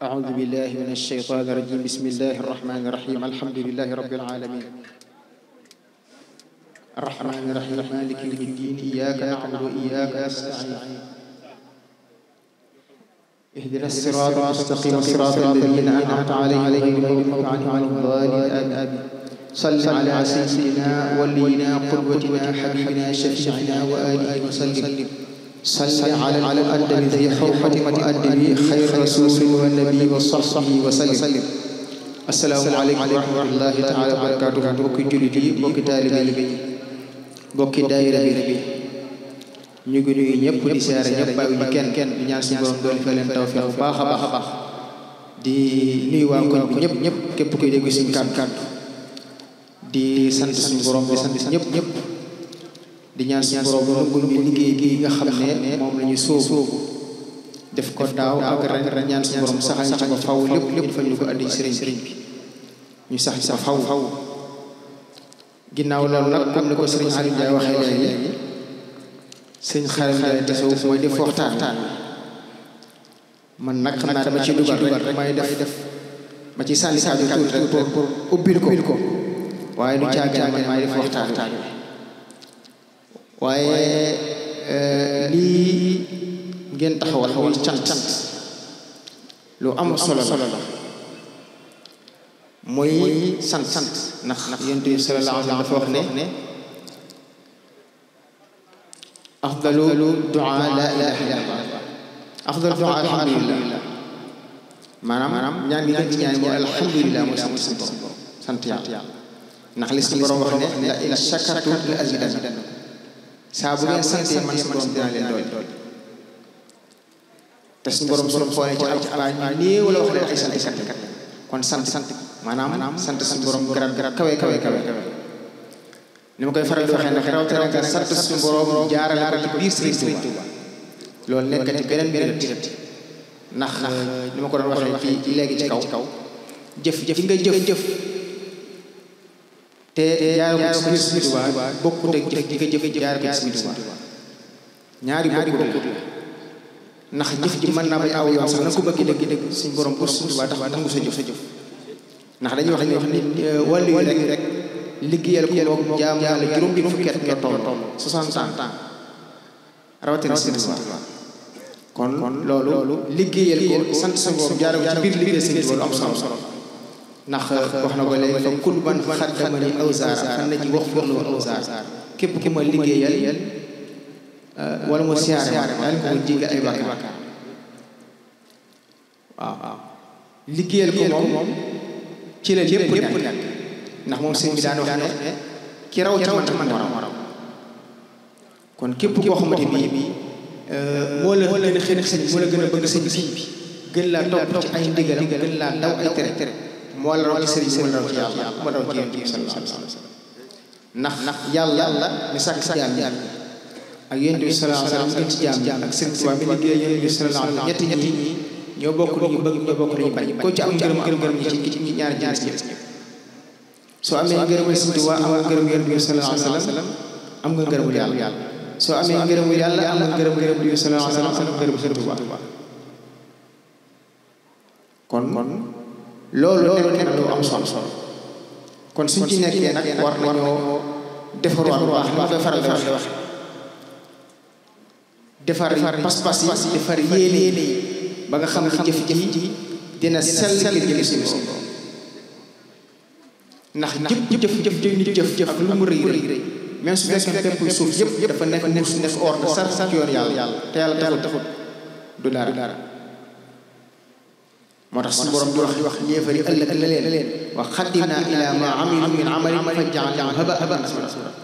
أعوذ بالله من الشيطان الرجيم بسم الله الرحمن الرحيم الحمد لله رب العالمين الرحمن الرحيم مالك يوم الدين إياك نعبد وإياك نستعين اهدنا الصراط المستقيم صراط الذين أنعمت عليهم غير المغضوب عنهم الضالين آمين صل على سيدنا ولينا قدوتنا حبيبنا شفيعنا وآله وسلم salli ala al-muqaddami fi hurmati muqaddimi xayri rasuli wa nabi wa sahbihi wa sallim wa rahmatullahi taala wa barakaatuh mbokki jullit yi mbokki taalibe yi bi ñu ngi nuyu ñëpp di siyaare ñëpp bàyyi ñu kenn kenn di ñaan si borom doon fa leen tawfeex baax a baax a baax di nuyu waa koñ bi ñëpp ñëpp képp kuy dégg suñu kàddu kàddu di sant suñu borom di sant ñëpp ñëpp di ñaan suñu borom bu liggéey gi nga xam ne moom la ñu sóobu def ko daaw ak ren ren ñaan suñu borom sax sax ba faw lépp lépp fa ñu ko andi sëriñ bi ñu sax sax faw faw ginnaaw loolu nag comme ni ko sëriñ Aliou day waxee léegi sëriñ xarit Ndiaye tasawuf mooy def waxtaan man nag xam naa dama ci dugal may def ma ci sànni saa tuuti rek pour ubbil ko waaye du caagaan man maay def waxtaan waaye eh, lii ngeen taxawal muy cant cant lu am solo la muy sant sant ndax yonent bi sallallahu alayhi wa sallam dafa wax ne afdalu du'a laa ilaaha illallaah afdalu du'a alhamdulilah maanaam ñaan gi gën ci ñaan mooy alhamdulilah mooy sant sant yàlla ndax li suñu borom wax ne la in shakartum la azidannakum saa bu ngeen santee man suñu borom dinaa leen dool te suñu borom suñu xoolee ci alxuraan néew la wax leen ay sant kat kon sant sant maanaam sant suñu borom garab garab kawe kawe kawe ni ma koy faral di waxee ndax rawatina nga sant suñu borom jaarale ko ci biir Sëriñ Tuuba loolu nekkati beneen beneen direct ndax ni ma ko doon waxee ci léegi ci kaw jëf jëf nga jëf jëf te jaaree ko ci biir Sëriñ Tuubaa ji nga jëf jaaree ko ci Sëriñ Tuubaa ñaari bokkut la ndax jëf ji mën naa bañ aw yoon na ko bëgg dëgg dëgg suñ borom pour Sëriñ Tuubaa tax nangu sa jëf sa jëf ndax dañuy wax ni wax ni euh, rek liggéeyal ko moom jaamu yàlla juróom juróom fukki nga toll 60 ans rawatina Sëriñ Tuubaa kon loolu liggéeyal ko sant sa borom jaaree ko ci biir liggéey Sëriñ Tuubaa am ndax eh, wax na ko léegi fa kul man xaddamani aw zaara xam na ci wax wax na aw zaara képp ku ma liggéeyal eh, wala mu siyaare ma daal ko jéggal ay bakkaar waaw liggéeyal ko moom ci la lépp nekk ndax moom sëñ bi daan wax ne ki raw ci man man raw kon képp koo xamante bi moo la gën a xëy sëñ moo la gën a bëgg sëñ bi gën laa topp ci ay ndigalam gën laa daw ay tere moo la doon ci sëriñ sëriñ moo la ndax ndax yàlla mi sàkk jaam bi ak yonent bi sallallahu alayhi wa sallam mi ci jaam ak sëriñ Tuubaa bi liggéey yonent bi sallallahu ñi ñoo bokk lu ñu bëgg ñoo bokk lu ñu bañ ko ci am gërëm gërëm gërëm ñi ci ñaari ñaari ñëpp soo amee gërëmul sëriñ am nga gërëm yonent bi sallallahu yàlla soo amee gërëmul yàlla am nga gërëm gërëm yonent bi sallallahu alayhi wa kon kon loolu nekk na lu am solo kon suñ ci nekkee nag war nañoo defaruwaat bu baax li ma koy faral di wax defar pas-pas yi defar yéene yi ba nga xam ne jëf ji dina sell ngir jëf si borom ndax jëpp jëf jëf jëf nit jëf ak lu mu a rëy même su fekkee pepp suuf yëpp dafa nekk muus nekk or de sar sar yoon yàlla te yàlla taxul du dara moo tax suñu borom di wax wax ñeefari ëllëg la leen wa xaddimnaa ilaa maa amilu min amalin faja'alnaahu habaa'an mansuuraa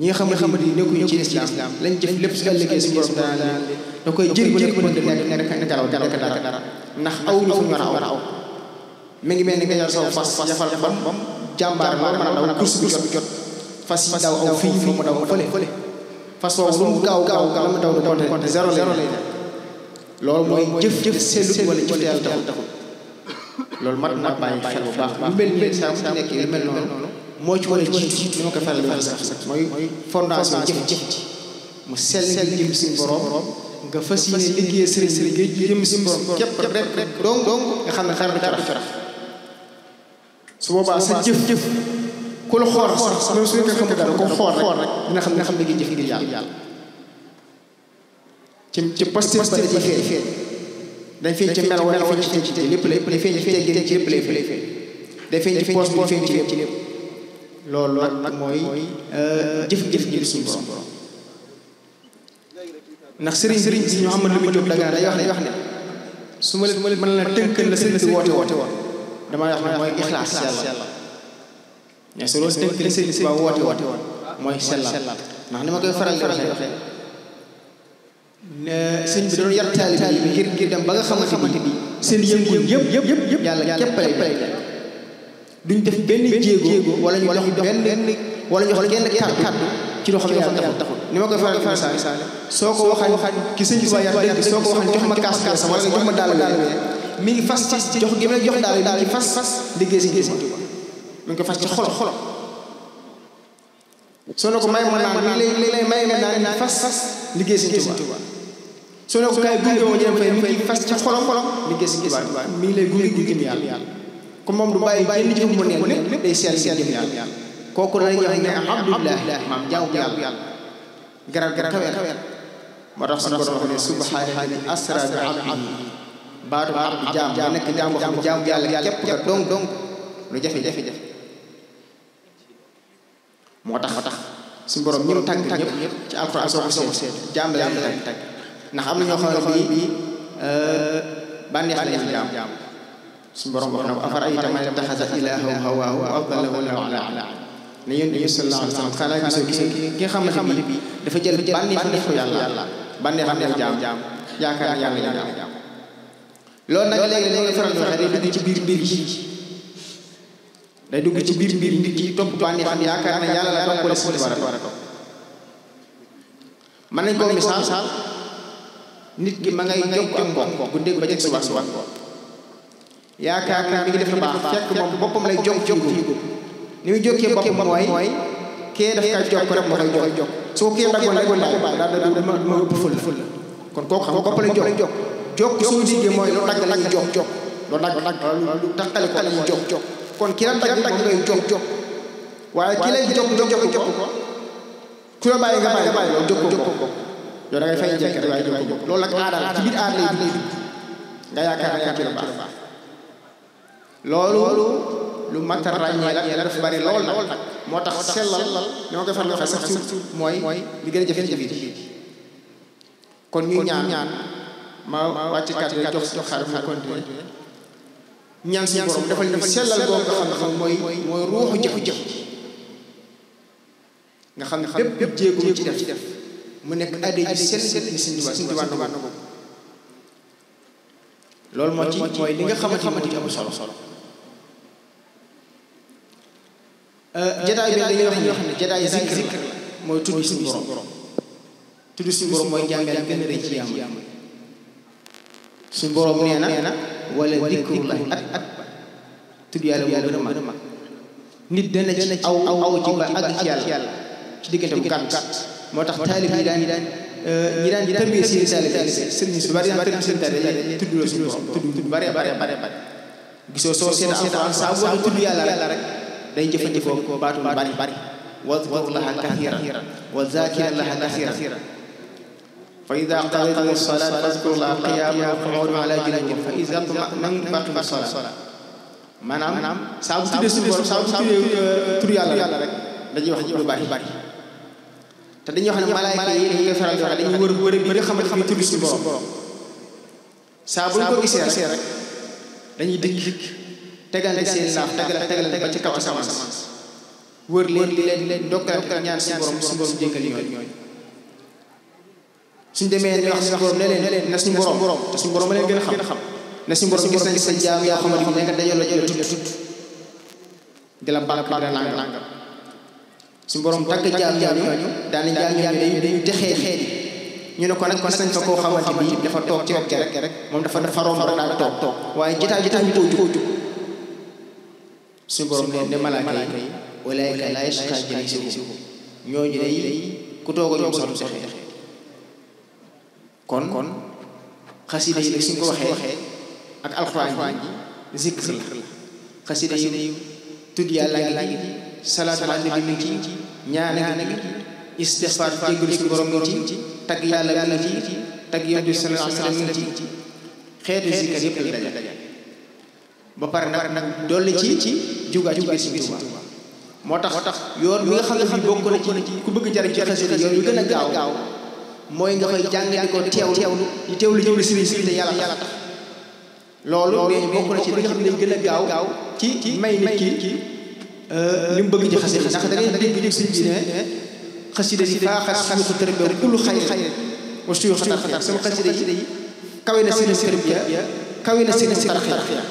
ñi nga xamante ni nekkuñu ci lislaam lañ jëf lépp su ëllëgee suñu borom dana leen da koy jël ba nekk mënta nekk nekk dara nekk dara ndax awuñu fu ñu mën a aw mi ngi mel ni nga yor saw fas yafal bam jàmbaar loo mën a daw course bi jot fas yi daw aw fii fii mu daw fële fas woowu lu mu gaaw gaaw gaaw mu daw doonte zéro lay loolu mooy jëf jëf seetlu wala jëf yàlla taxul loolu mat naa bàyyi xel bu baax lu mel ni saa mu nekkee lu mel noonu moo ci war a jiitu ni ma ko faral di wax sax mooy fondation jëf jëf ji mu sell nga jëm si borom nga fas yéene liggéey si borom képp rek rek dong dong nga xam ne xar bi dara su boobaa sa jëf jëf ku la xool xool même su fekkee xam nga dina xam ne nga xam ne ngi jëf ngir yàlla ci ci posté posté dañ ciy feeñ. dañ feeñ ci mel wala feeñ ci ci lépp lépp dañ feeñ ci teggin ci lépp lépp feeñ. dañ feeñ ci poos bi feeñ ci mooy jëf-jëf ngir suñu ndax sëriñ sëriñ si ñoo xam ne lu su ma leen mën la tënkal la sëriñ bi woote woote woon damay wax ne mooy loolu tënk la sëriñ bi woote woote woon mooy sellal ndax ni koy faral di waxee ne sëñ bi doon bi ngir ngir dem ba nga xamante bi seen yëngu yëpp yëpp yëpp yàlla képpale duñ benn jéego wala ñu dox benn wala ñu dox loo xam soo ko waxaan ki sëñ Tuubaa yar dëgg soo ko waxaan jox ma kaas ma daal mi ngi fas ci jox daal daal fas fas liggéey si sëñ Tuubaa ngi fas ci xolo xolo soo ne ko may ma naan may ma fas fas liggéey sëñ Tuubaa soo ne ko kaay gunge ma jëm fay mi ngi fas ci xolam xolam di gis gis mi ngi lay gunge gunge jëm kooku la ñuy wax ne garab garab kaweel moo tax su ko doon ne subhaana asra bi abdi baatu abdi jaam mu nekk jaam boo lu jafe jafe jafe moo tax moo tax suñu borom ñëw tàgg tàgg ñëpp ci alxuraan jaam la tàgg ndax am na ñoo xam ne bii euh, bànneex la ñu jaam suñu borom wax na ko afara'ayta man ittaxaza ilaahahu hawaahu wa adallahu allahu ala ne yéen di sallallahu alayhi wa sallam xanaa gisoo gisoo ki nga xamante ne bii dafa jël bànneex def ko yàlla bànneex am na jaam yaakaar yàlla jaam loolu nag léegi dañu faral di waxee day ci biir mbir yi day dugg ci biir mbir nit ki topp bànneex am yaakaar na yàlla la topp wala si war a topp mën nit ki ma ngay jokk ak moom bu dégg ba jeg suba suba yaakaar naa mi ngi def lu baax fekk moom boppam lay jokk jokk ni muy jokkee boppam mooy kee daf ka jokk rek moo koy jokk soo kee ragoon rek laay baax daal daal ma ma ëpp kon kooku xam bopp lay jokk jokk soo déggee mooy lu dagg lañuy jokk jokk lu dagg lu taqale ko lañuy jokk jokk kon ki la dagg dagg jokk jokk waaye ki lay jokk jokk ko ku la bàyyi nga bàyyi nga ko yow da ngay fay njëkk rek waaye doo ko bokk loolu nag aada la ci biir aada lay dugg nga yaakaar ne yaa ci baax loolu lu mat a la la dafa bari lool nag moo tax sellal li ma koy faral di waxee sax mooy li gën a jafe ci biir kon ñu ñaan ma wàcc kàddu jox jox xaar mu continuer ñaan si borom dafa ñu sellal boo nga xam ne mooy mooy ruuxu jëf jëf nga xam nga bépp jéego ci def ci def mu nekk addi ji sell ji Sëñ Tuubaa na ko loolu moo ci mooy li nga xamante ni am solo solo euh, euh, bi dañuy wax ne jataay mooy tudd suñu borom tudd suñu borom mooy jàngale gën a ci yàmm suñu borom nee na wala dikru la at at tudd yàlla moo gën a mag nit dana ci aw aw ci ba àgg yàlla ci diggante bu gàtt moo tax taalib yi daan euh, ñi daan tërbiyee seen taalib sëriñ su bari daan tërbiyee seen taalib dañuy tudd la suñu borom tudd bari bari bari bari gisoo soo seen alxuraan saa bu waxee tudd yàlla rek day jëfandikoo baatu bari bari واذكر الله كثيرا وذاكر الله كثيرا فإذا قضيتم الصلاة فاذكروا الله قياما وقعودا على جنوبكم فإذا اطمأنتم فأقيموا الصلاة maanaam saa bu tuddee suñu borom saa bu tuddee euh, tur yàlla rek dañuy wax lu bari bari te dañuy wax ne malaayka yi dañuy faral di wax dañuy wër wër bi nga xamante ni tudd suñu borom saa bu ñu ko gisee rek dañuy dikk tegal seen naax tegal tegal ba ci kaw asamaan wër leen di leen di leen dokkalante ñaan suñu borom suñu borom jéggal ñooñu suñu demee ñu wax suñu borom ne leen na suñu borom te suñu borom leen gën a xam na suñu borom gis nañ sa jaam yoo xamante ni nga dajal la jël tudd di la bàkk di la làngal su borom tagg jaam ñooñu daani jaam ñooñu dañu texee xeet ñu ne ko nag gis sañ fa koo xamante bi dafa toog ci wet rek rek moom dafa dafa romb rek daal toog toog waaye jitaa jitaa ñu toog jóg suñu borom ne ne malaaka yi walaayka laa yashqa jalisihum ñooñu day ku toog a ñoom sax du texee kon kon xasida yi suñ ko waxee ak alxuraan ji zikr la xasida yi tudd yàlla ngi salaatu ala nabi mi ngi ci ñaan a ngi ci istixfaar jéggalu si borom mi ngi ci tagg yàlla mi ngi ci tagg ci ci ci jugaat ci biir Sëriñ Tuubaa moo tax yoon wi nga xam ne xam bokk na ku bëgg jariñ ci xasida yoon gën a gaaw nga koy jàng di ko teewlu di teewlu jëwli sëriñ si te yàlla yàlla tax loolu bokk gën a gaaw ci may nit ki Euh, li mu bëgg ci xasida ndax da ngay dégg jóg sëñ bi ne xasida yi faa xas yuuxu tërbiya kullu xayr wa suyuuxu tarxiya sama xasida yi kawe na seen tërbiya kawe na seen tarxiya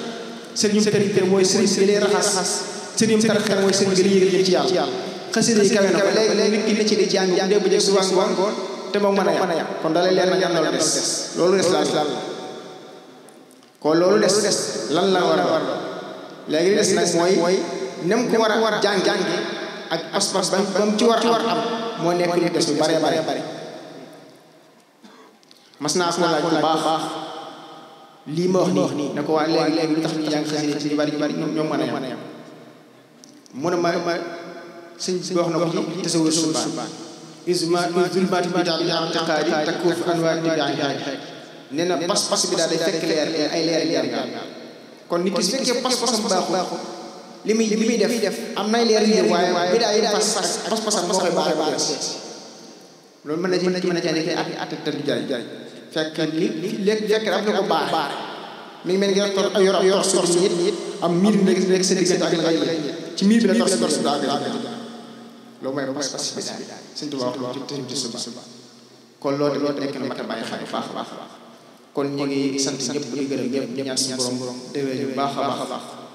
sëriñum tërbiya mooy sëriñ bi lay raxas sëriñum tarxiya mooy sëriñ bi lay yëg ci yàlla xasida yi kawe na ko léegi nit ki ne ci di jàng bu dee bu jëkk suba ngoon te moom mën a yàq kon dalay leer na yàlla des loolu des kon loolu des lan la war a léegi des nag mooy nem ko war a war a jàng jànge ak pas-pas ba ci war ci war am moo nekk lu des lu bare bare bare mas naa ko laaj wax nii ne ko waa léegi léegi lu tax ñu jàng xasida a yam mu wax na ko na pas-pas bi daal day ay leer leer kon nit ki fekkee pas-pasam baaxul li muy li muy def am nay leer yi waaye bi daay fas fas fasam moo koy baax baax loolu mën na ci mën na ci nekk ak at te du jariñ fekk li léegi fekk am na ko baax mi ngi mel ni tor yor yor tors nit am miir nekk nekk sa diggante ak la ngay ci miir bi la tors tors daa ngay loolu mooy pas pas bi daal sëñ Tuubaa wax ci tëj ci suba kon loolu loolu nekk na mat a bàyyi xel baax baax kon ñu ngi sant ñëpp di gërëm ñëpp ñaan suñu borom déwéen bu baax a baax